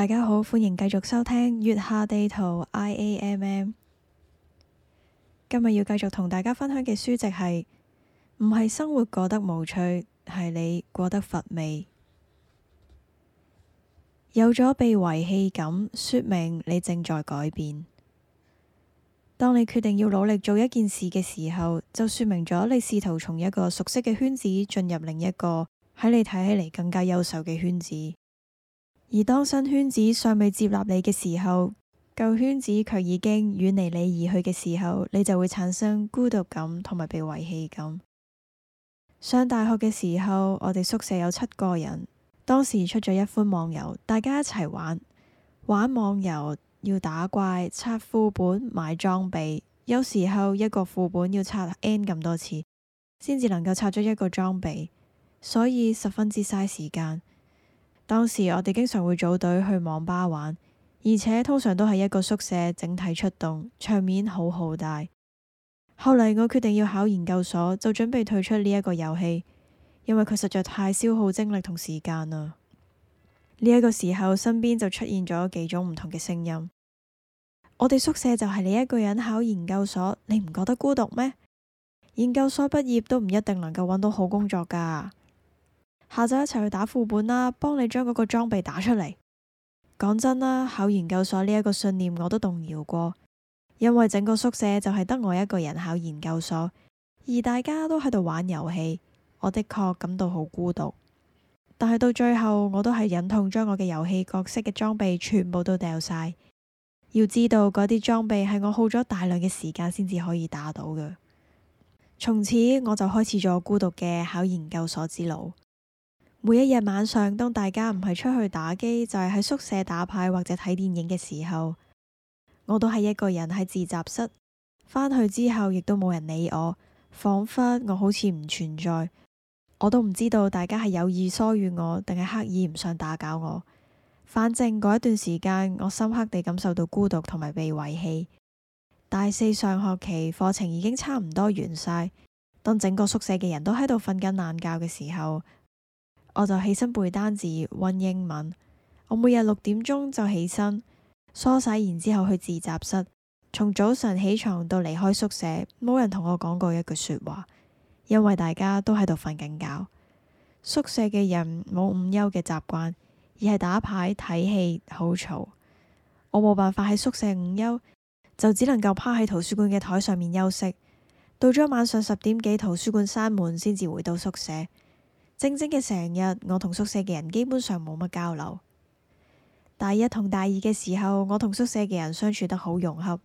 大家好，歡迎繼續收聽《月下地圖 IAMM》。今日要繼續同大家分享嘅書籍係《唔係生活過得無趣，係你過得乏味》，有咗被遺棄感，說明你正在改變。當你決定要努力做一件事嘅時候，就說明咗你試圖從一個熟悉嘅圈子進入另一個喺你睇起嚟更加優秀嘅圈子。而當新圈子尚未接納你嘅時候，舊圈子卻已經遠離你而去嘅時候，你就會產生孤獨感同埋被遺棄感。上大學嘅時候，我哋宿舍有七個人，當時出咗一款網遊，大家一齊玩。玩網遊要打怪、刷副本、買裝備，有時候一個副本要刷 N 咁多次，先至能夠刷出一個裝備，所以十分之嘥時間。當時我哋經常會組隊去網吧玩，而且通常都係一個宿舍整體出動，場面好浩大。後嚟我決定要考研究所，就準備退出呢一個遊戲，因為佢實在太消耗精力同時間啦。呢、這、一個時候，身邊就出現咗幾種唔同嘅聲音。我哋宿舍就係你一個人考研究所，你唔覺得孤獨咩？研究所畢業都唔一定能夠搵到好工作㗎。下晝一齊去打副本啦，幫你將嗰個裝備打出嚟。講真啦，考研究所呢一個信念我都動搖過，因為整個宿舍就係得我一個人考研究所，而大家都喺度玩遊戲，我的確感到好孤獨。但係到最後，我都係忍痛將我嘅遊戲角色嘅裝備全部都掉晒。要知道，嗰啲裝備係我耗咗大量嘅時間先至可以打到嘅。從此我就開始咗孤獨嘅考研究所之路。每一日晚上，當大家唔係出去打機，就係喺宿舍打牌或者睇電影嘅時候，我都係一個人喺自習室。返去之後，亦都冇人理我，仿佛我好似唔存在。我都唔知道大家係有意疏遠我，定係刻意唔想打攪我。反正嗰一段時間，我深刻地感受到孤獨同埋被遺棄。大四上學期課程已經差唔多完晒，當整個宿舍嘅人都喺度瞓緊懶覺嘅時候。我就起身背單字、溫英文。我每日六點鐘就起身梳洗，然之後去自習室。從早上起床到離開宿舍，冇人同我講過一句說話，因為大家都喺度瞓緊覺。宿舍嘅人冇午休嘅習慣，而係打牌睇戲好嘈。我冇辦法喺宿舍午休，就只能夠趴喺圖書館嘅台上面休息。到咗晚上十點幾，圖書館閂門先至回到宿舍。正正嘅成日，我同宿舍嘅人基本上冇乜交流。大一同大二嘅時候，我同宿舍嘅人相處得好融洽，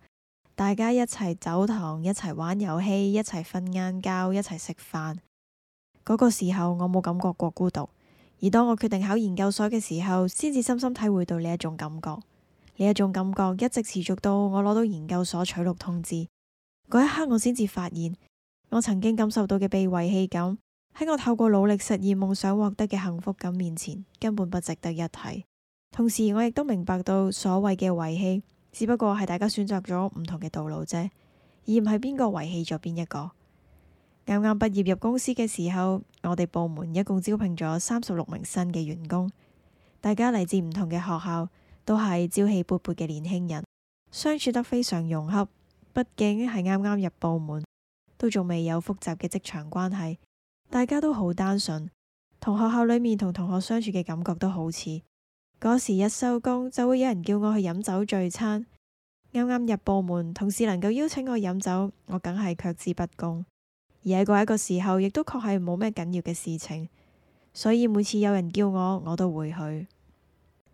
大家一齊走堂，一齊玩遊戲，一齊瞓晏覺，一齊食飯。嗰、那個時候我冇感覺過孤獨。而當我決定考研究所嘅時候，先至深深體會到呢一種感覺。呢一種感覺一直持續到我攞到研究所取錄通知嗰一刻，我先至發現我曾經感受到嘅被遺棄感。喺我透過努力實現夢想獲得嘅幸福感面前，根本不值得一提。同時，我亦都明白到所謂嘅遺棄，只不過係大家選擇咗唔同嘅道路啫，而唔係邊個遺棄咗邊一個。啱啱畢業入公司嘅時候，我哋部門一共招聘咗三十六名新嘅員工，大家嚟自唔同嘅學校，都係朝氣勃勃嘅年輕人，相處得非常融洽。畢竟係啱啱入部門，都仲未有複雜嘅職場關係。大家都好單純，同學校裏面同同學相處嘅感覺都好似嗰時，一收工就會有人叫我去飲酒聚餐。啱啱入部門，同事能夠邀請我飲酒，我梗係卻之不恭。而喺嗰一個時候，亦都確係冇咩緊要嘅事情，所以每次有人叫我，我都會去。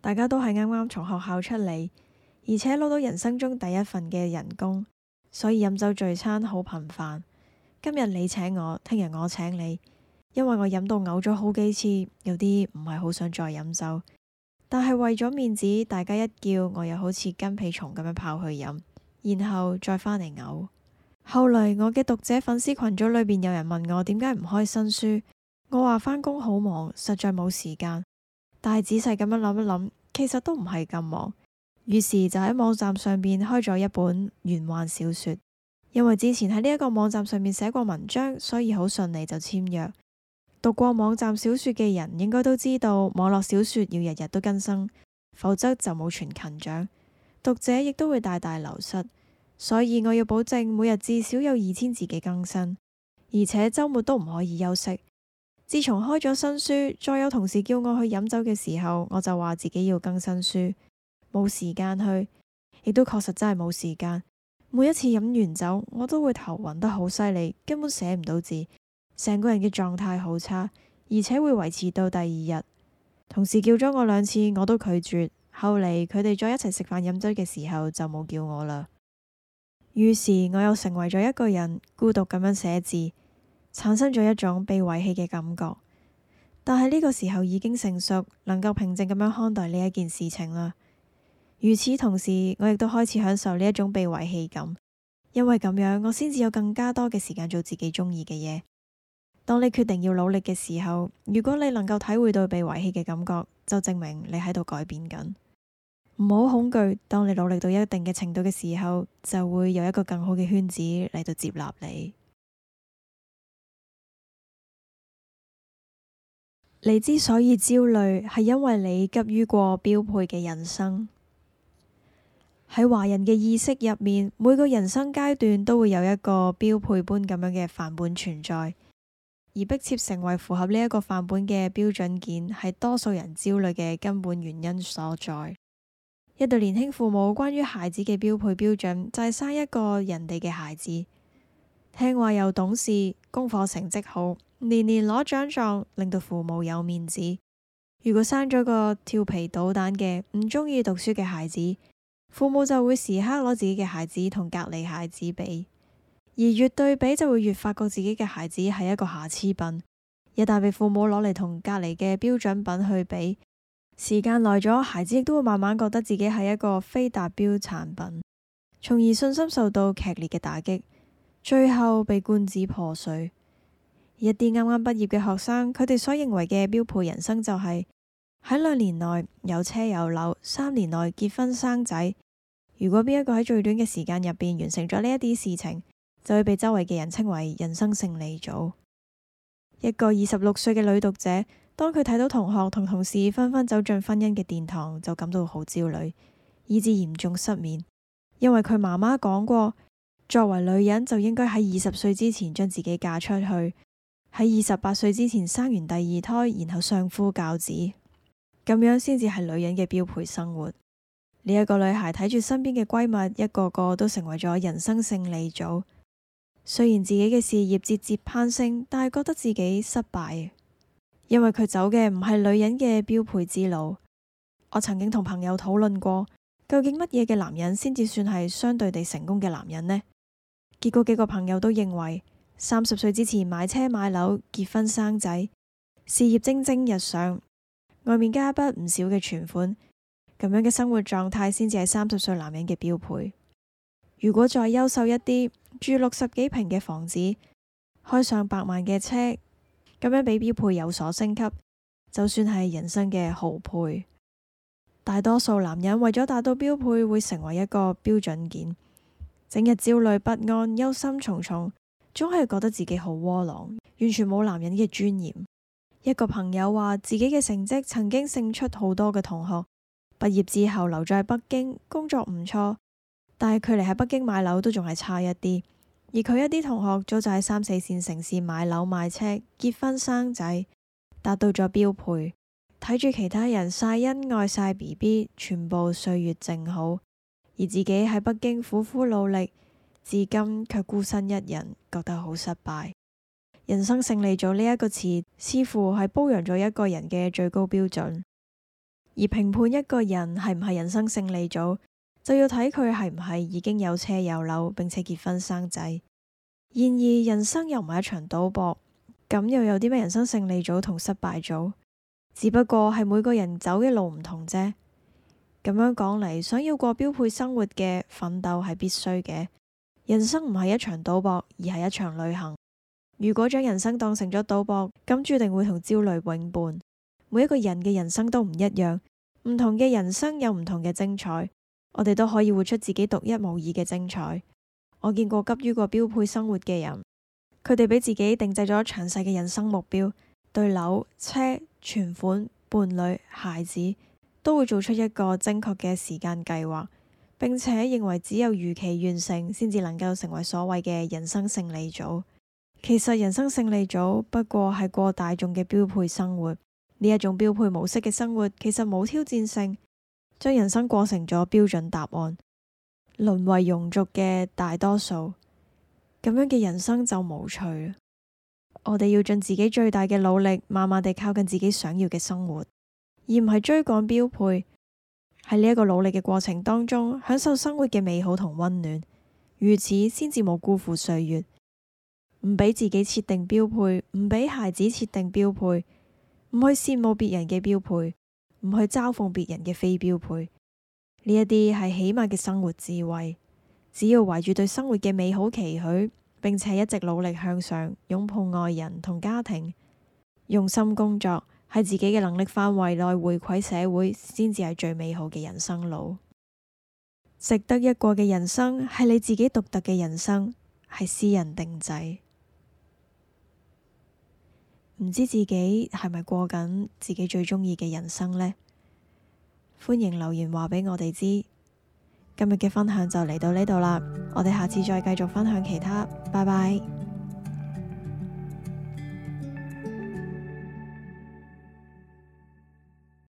大家都係啱啱從學校出嚟，而且攞到人生中第一份嘅人工，所以飲酒聚餐好頻繁。今日你請我，聽日我請你。因為我飲到嘔咗好幾次，有啲唔係好想再飲酒，但係為咗面子，大家一叫，我又好似跟屁蟲咁樣跑去飲，然後再返嚟嘔。後來我嘅讀者粉絲群組裏邊有人問我點解唔開新書，我話返工好忙，實在冇時間。但係仔細咁樣諗一諗，其實都唔係咁忙，於是就喺網站上邊開咗一本玄幻小說。因為之前喺呢一個網站上面寫過文章，所以好順利就簽約。讀過網站小說嘅人應該都知道，網絡小說要日日都更新，否則就冇全勤獎，讀者亦都會大大流失。所以我要保證每日至少有二千字嘅更新，而且周末都唔可以休息。自從開咗新書，再有同事叫我去飲酒嘅時候，我就話自己要更新書，冇時間去，亦都確實真係冇時間。每一次飲完酒，我都會頭暈得好犀利，根本寫唔到字，成個人嘅狀態好差，而且會維持到第二日。同事叫咗我兩次，我都拒絕。後嚟佢哋再一齊食飯飲酒嘅時候，就冇叫我啦。於是我又成為咗一個人，孤獨咁樣寫字，產生咗一種被遺棄嘅感覺。但係呢個時候已經成熟，能夠平靜咁樣看待呢一件事情啦。與此同時，我亦都開始享受呢一種被遺棄感，因為咁樣我先至有更加多嘅時間做自己中意嘅嘢。當你決定要努力嘅時候，如果你能夠體會到被遺棄嘅感覺，就證明你喺度改變緊。唔好恐懼，當你努力到一定嘅程度嘅時候，就會有一個更好嘅圈子嚟到接納你。你之所以焦慮，係因為你急於過標配嘅人生。喺華人嘅意識入面，每個人生階段都會有一個標配般咁樣嘅範本存在，而逼切成為符合呢一個範本嘅標準件，係多數人焦慮嘅根本原因所在。一對年輕父母關於孩子嘅標配標準，就係生一個人哋嘅孩子，聽話又懂事，功課成績好，年年攞獎狀，令到父母有面子。如果生咗個調皮搗蛋嘅、唔中意讀書嘅孩子，父母就會時刻攞自己嘅孩子同隔籬孩子比，而越對比就會越發覺自己嘅孩子係一個瑕疵品，一旦被父母攞嚟同隔籬嘅標準品去比，時間耐咗，孩子亦都會慢慢覺得自己係一個非達標產品，從而信心受到劇烈嘅打擊，最後被罐子破碎。一啲啱啱畢業嘅學生，佢哋所認為嘅標配人生就係、是。喺兩年內有車有樓，三年內結婚生仔。如果邊一個喺最短嘅時間入邊完成咗呢一啲事情，就會被周圍嘅人稱為人生勝利組。一個二十六歲嘅女讀者，當佢睇到同學同同事紛紛走進婚姻嘅殿堂，就感到好焦慮，以至嚴重失眠。因為佢媽媽講過，作為女人就應該喺二十歲之前將自己嫁出去，喺二十八歲之前生完第二胎，然後相夫教子。咁樣先至係女人嘅標配生活。呢一個女孩睇住身邊嘅閨蜜一個個都成為咗人生勝利組，雖然自己嘅事業節節攀升，但係覺得自己失敗，因為佢走嘅唔係女人嘅標配之路。我曾經同朋友討論過，究竟乜嘢嘅男人先至算係相對地成功嘅男人呢？結果幾個朋友都認為三十歲之前買車買樓、結婚生仔、事業蒸蒸日上。外面加一筆唔少嘅存款，咁樣嘅生活狀態先至係三十歲男人嘅標配。如果再優秀一啲，住六十幾平嘅房子，開上百萬嘅車，咁樣比標配有所升級，就算係人生嘅豪配。大多數男人為咗達到標配，會成為一個標準件，整日焦慮不安、憂心忡忡，總係覺得自己好窩囊，完全冇男人嘅尊嚴。一個朋友話自己嘅成績曾經勝出好多嘅同學，畢業之後留在北京工作唔錯，但係距離喺北京買樓都仲係差一啲。而佢一啲同學早就喺三四線城市買樓、買車、結婚、生仔，達到咗標配，睇住其他人晒恩愛、晒 B B，全部歲月靜好，而自己喺北京苦苦努力，至今卻孤身一人，覺得好失敗。人生勝利組呢一個詞，似乎係褒揚咗一個人嘅最高標準。而評判一個人係唔係人生勝利組，就要睇佢係唔係已經有車有樓，並且結婚生仔。然而，人生又唔係一場賭博，咁又有啲咩人生勝利組同失敗組？只不過係每個人走嘅路唔同啫。咁樣講嚟，想要過標配生活嘅奮鬥係必須嘅。人生唔係一場賭博，而係一場旅行。如果將人生當成咗賭博，咁注定會同焦慮永伴。每一個人嘅人生都唔一樣，唔同嘅人生有唔同嘅精彩，我哋都可以活出自己獨一無二嘅精彩。我見過急於過標配生活嘅人，佢哋俾自己定制咗詳細嘅人生目標，對樓、車、存款、伴侶、孩子都會做出一個精確嘅時間計劃，並且認為只有如期完成，先至能夠成為所謂嘅人生勝利組。其實人生勝利組不過係過大眾嘅標配生活，呢一種標配模式嘅生活，其實冇挑戰性，將人生過成咗標準答案，淪為庸俗嘅大多數，咁樣嘅人生就無趣。我哋要盡自己最大嘅努力，慢慢地靠近自己想要嘅生活，而唔係追趕標配。喺呢一個努力嘅過程當中，享受生活嘅美好同溫暖，如此先至冇辜負歲月。唔俾自己設定標配，唔俾孩子設定標配，唔去羨慕別人嘅標配，唔去嘲諷別人嘅非標配。呢一啲係起碼嘅生活智慧。只要懷住對生活嘅美好期許，並且一直努力向上，擁抱愛人同家庭，用心工作，喺自己嘅能力範圍內回饋社會，先至係最美好嘅人生路。值得一過嘅人生係你自己獨特嘅人生，係私人定製。唔知自己係咪過緊自己最鍾意嘅人生呢？歡迎留言話畀我哋知。今日嘅分享就嚟到呢度啦，我哋下次再繼續分享其他。拜拜。